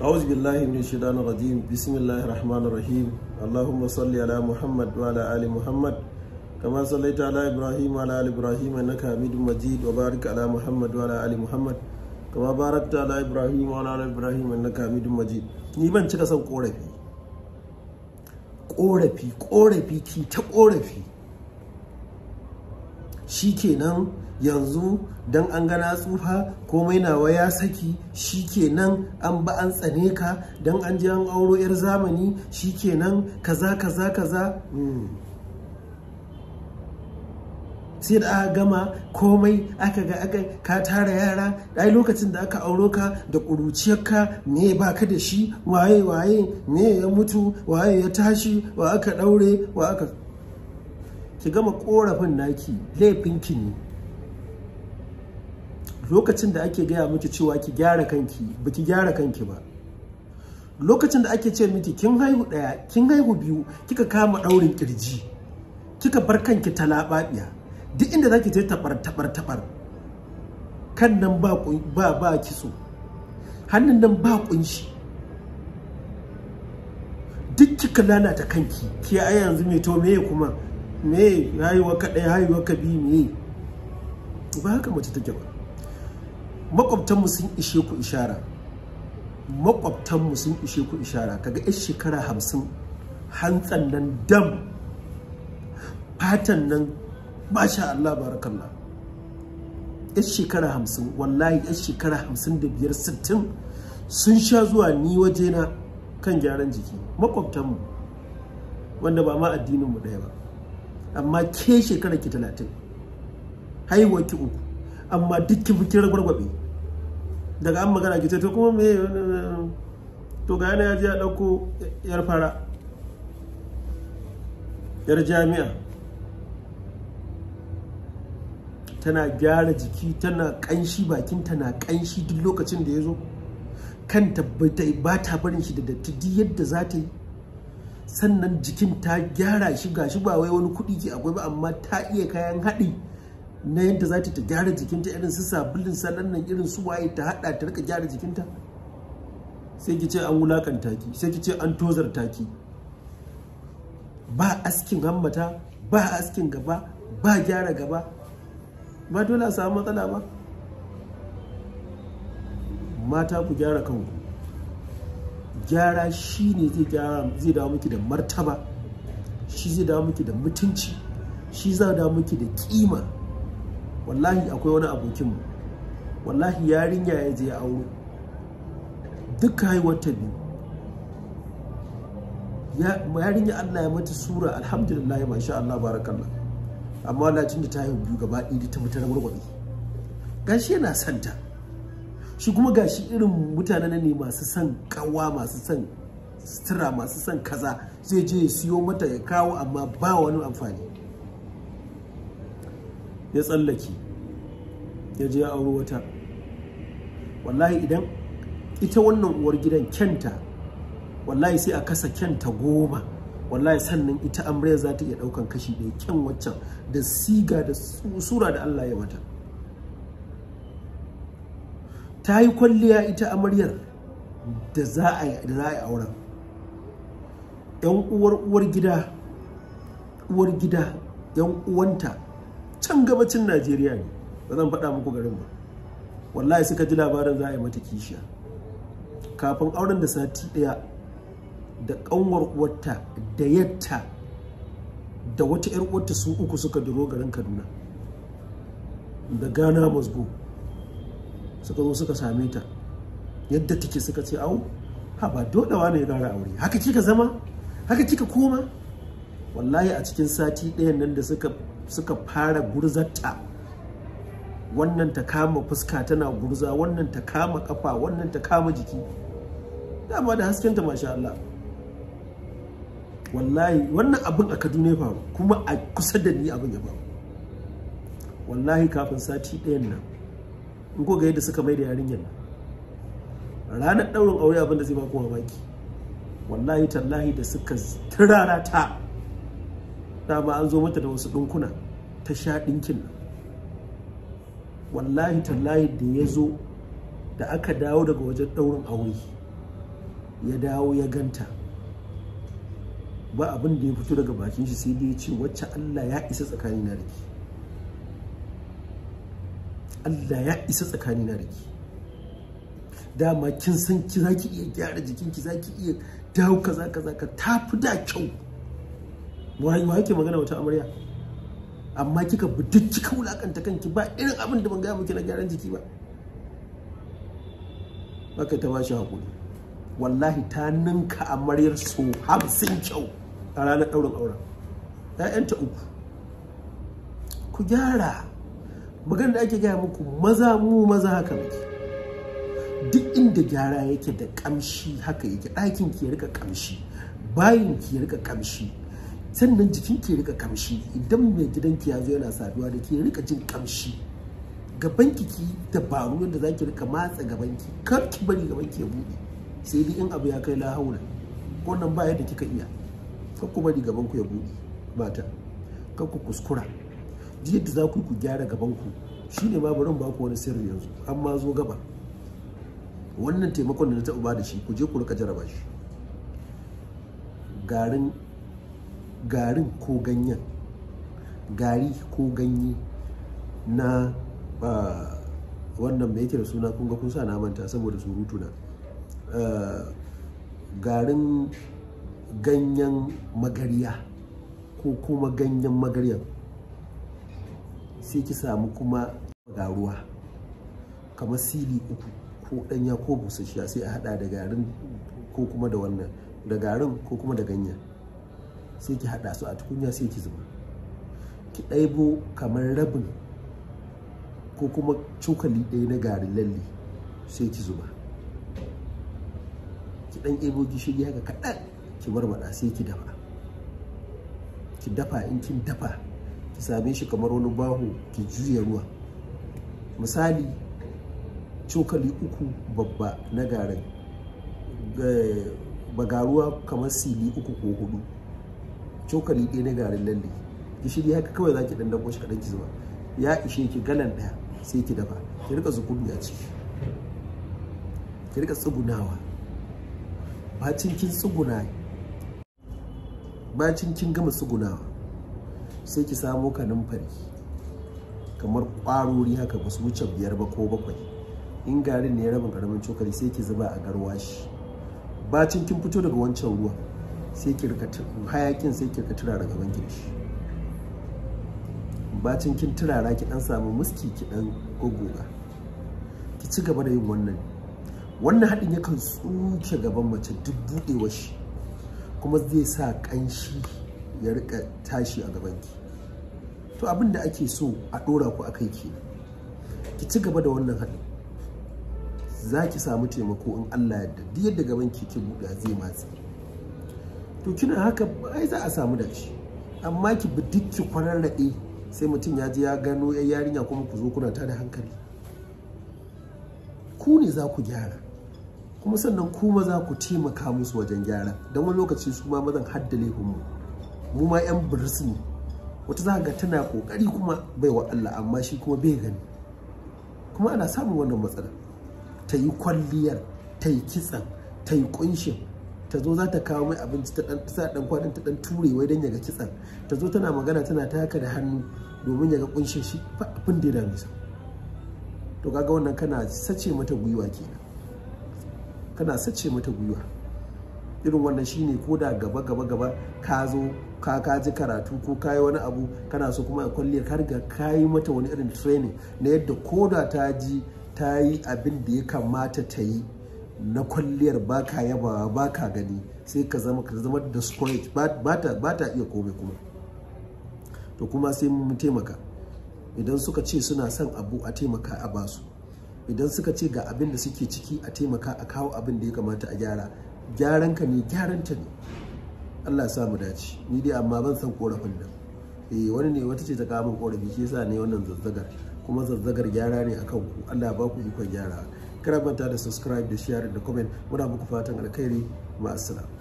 أعوذ بالله من الشيطان الرجيم بسم الله الرحمن الرحيم اللهم صل على محمد وعلى آل محمد كما صليت على إبراهيم وعلى آل إبراهيم إنك حميد مجيد وبارك على محمد وعلى آل محمد كما باركت على إبراهيم وعلى آل إبراهيم إنك حميد مجيد ni ban cika son korafi korafi korafi ki ta korafi shikenan yanzu don an gana tsufa komai nawa ya saki shi kenan an ba an tsane ka don an ji an auro 'yar zamani shi kaza kaza kaza hmm. sai da aka gama komai aka ga aka ka tara yara ɗai lokacin da aka auro ka da ƙuruciyarka me ba ka da shi waye waye me ya mutu waye ya tashi wa aka ɗaure wa aka ki gama ƙorafin naki laifinki ne lokacin da ake gaya miki cewa ki gyara kanki baki gyara kanki ba lokacin da ake ce miki kin haihu daya kin haihu biyu kika kama daurin kirji kika bar kanki talababiya duk inda zaki je tabar tabar tabar kan nan ba ba ba kitso hannun nan ba kunshi duk kika lalata kanki ke a yanzu me to meye kuma me rayuwa ka ɗaya rayuwa ka biyu me ba haka mace take ba makwabtanmu sun ishe ku ishara makwabtanmu sun ishe ku ishara kaga yan shekara hamsin hantsan nan dam fatan nan masha Allah barakallah yan shekara hamsin wallahi yan shekara hamsin da biyar sittin sun sha zuwa ni wajena kan gyaran jiki makwabtanmu wanda ba ma addininmu ɗaya ba amma ke shekara ki talatin haihuwa ki uku amma duk kin fi kin ragwargwabe daga an magana ki to kuma me to ga yana yaji ya dauko yar fara yar jami'a tana gyara jiki tana kanshi bakin tana kanshi duk lokacin da ya zo kanta ba ta barin shi da datti duk yadda za ta yi sannan jikin ta gyara shi gashi ba wai wani kuɗi ke akwai ba amma ta iya kayan haɗi na yadda za ta gyara jikinta irin su sabulin salon nan irin su waye ta haɗa ta rika gyara jikinta sai ki ce an wulakanta ki sai ki ce an tozarta ki ba askin hammata ba askin gaba ba gyara gaba ba dole a samu matsala ba mata ku gyara kanku gyara shi ne zai dawo miki da martaba shi zai dawo miki da mutunci shi zai dawo miki da kima wallahi akwai wani abokinmu wallahi yarinya ya je ya auro duka haihuwar ta biyu yarinya Allah ya mata sura alhamdulillah sha Allah barakallah amma lacin da ta haihu biyu gaba ɗaya ta mutar warware gashi yana santa shi kuma gashi irin mutane mutanen ne masu san kawa masu san sutura masu san kaza zai je ya siyo mata ya kawo amma ba wani amfani ya tsallake ya je ya wata wallahi idan ita wannan uwar gidan kyanta wallahi sai a kasa kyanta goma wallahi sannan ita amarya za ta iya ɗaukan kashi ɗaya kyan waccan da siga da sura da Allah ya mata ta yi kwalliya ita amaryar da za a yi auren yan uwar uwar gida uwar gida yan uwanta can gabacin najeriya ne ba zan faɗa muku garin ba wallahi suka ji labarin za a yi mata kishiya kafin auren da sati ɗaya da ƙanwar uwarta da yatta da wata 'yar uwarta su uku suka duro garin kaduna da ghana musgo suka zo suka same ta yadda take suka ce au ha ba dodawa ne ya gara aure haka kika zama haka kika koma wallahi a cikin sati ɗayan nan da suka fara gurzata. wannan ta kama fuska tana gurza wannan ta kama kafa wannan ta kama jiki dama da ta masha Allah wallahi wannan abin a Kaduna ya faru kuma a kusa da ni abin ya faru wallahi kafin sati ɗayan nan in ko ga yadda suka mai da yarinyar nan ranar ɗaurin aure abin da zai ba ku mamaki wallahi tallahi da suka turara ta dama an zo mata da wasu ɗinkuna ta sha ɗinkin nan wallahi tallahi da ya zo da aka dawo daga wajen ɗaurin aure ya dawo ya ganta ba abin da ya fito daga bakin shi sai dai ya ce wacce Allah ya isa tsakani na riki Allah ya isa tsakani na riki dama kin san ki zaki iya gyara jikinki zaki iya dawo kaza kaza ka tafi da kyau wai wa yake magana wata amarya amma kika duk kika wulakanta kanki ba irin abin da ban gaya miki na gyaran jiki ba baka ta bashi hakuri wallahi ta ninka amaryar so hamsin kyau a ranar ɗaurin auren ‘ya'yanta uku ku gyara magan da ake gaya muku maza mu maza haka muke duk inda gyara yake da ƙamshi haka yake ɗakin ki ya rika ƙamshi bayin ki ya rika ƙamshi sannan jikin ke rika kamshi idan mai gidan ya zo yana saduwa da ke rika jin kamshi gaban ki dabaru wanda zaki rika matsa ki kar ki bari gaban ki ya buɗe sai dai in abu ya kai lahaula wannan ba yadda kika iya kar ku bari gaban ku ya buɗe mata kar ku kuskura Jiya da za ku ku gyara gaban ku shine ma bari ba ku wani sirri yanzu amma zo gaba wannan taimakon da na taɓa ba da shi ku je ku rika jarraba shi garin garin ko ganyen gari ko ganye na ah, wannan mai yake da suna kunga kun sa na manta saboda surutu na ah, garin ganyen magarya ko kuma ganyen magaryan sai ki samu kuma garuwa kamar sili uku ko danya ko busasshiya sai a hada da garin ko kuma da wannan da garin ko kuma da ganyen sai ki haɗa su a tukunya sai ki zuba ki ɗaibo kamar rabin ko kuma cokali ɗaya na garin lalle sai ki zuba ki ɗan ɗebo gishiri haka kaɗan ki barbaɗa sai ki dafa ki dafa in kin dafa ki same shi kamar wani baho ki juya ruwa misali cokali uku babba na garin eh, bagaruwa kamar sili uku ko hudu cokali ɗaya na garin lalle gishiri haka kawai zaki dan dako shi kadan ki zuba ya ishe ki galan ɗaya sai ki dafa ki rika zukudu a ciki ki rika tsugunawa bacin kin tsuguna bacin kin gama tsugunawa sai ki samo kanin fari kamar ƙwarori haka ba su wuce biyar ba ko bakwai in garin ne ya rabin karamin cokali sai ki zuba a garwashi bacin kin fito daga wancan ruwan sai hayakin sai kirka turara gaban kirshi bacin kin turara ki dan samu muski ki dan gogoga ki ci gaba da yin wannan wannan haɗin yakan tsuke gaban mace duk buɗewar shi kuma zai sa ƙanshi ya rika tashi a gaban ki. to abin da ake so a ɗora ku a kai ke ki ci gaba da wannan haɗin za ki samu taimako in allah yadda duk yadda gabanki ki buɗe zai matsi to kina haka ai za a samu da shi amma ki bi dukki ki kwanar raɗe sai mutum ya je ya gano ya yarinya kuma ku zo kuna ta da hankali ku ne za ku gyara kuma sannan ku za ku taimaka musu wajen gyara don wani lokaci su ma mazan hadda laifinmu mu ma 'yan birsu wata za ga tana kokari kuma bai wa Allah amma shi kuma bai gani kuma ana samun wannan matsala ta yi kwalliyar ta yi kitsan ta yi kunshin ta zo za ta kawo mai abinci ta sa dan kwanan ta dan ture wai dan yaga kitsan ta zo tana magana tana taka da hannu domin yaga kunshin shi fa abin da ya dame sa to kaga wannan kana sace mata gwiwa kenan kana sace mata gwiwa irin wannan shine ko da gaba gaba gaba ka zo ka ka ji karatu ko ka yi wani abu kana so kuma a kwalliyar ka riga ka yi mata wani irin training na yadda ko da ta ji ta yi abin da ya kamata ta yi na kwalliyar baka yabawa baka gani sai ka zama ka zama discourage ba ta iya komai kuma to kuma sai mun taimaka idan suka ce suna son abu a taimaka a basu idan suka ce ga abin da suke ciki a taimaka a kawo abin da ya kamata a gyara gyaran ka ne gyaran ta ne Allah sa mu dace ni dai amma ban san korafin nan eh wani ne wata ce ta kawo min korafi shi yasa ne wannan zazzagar kuma zazzagar gyara ne akan ku Allah ba ku ikon gyara kada manta da subscribe da share da comment muna muku fatan alkhairi ma'assalam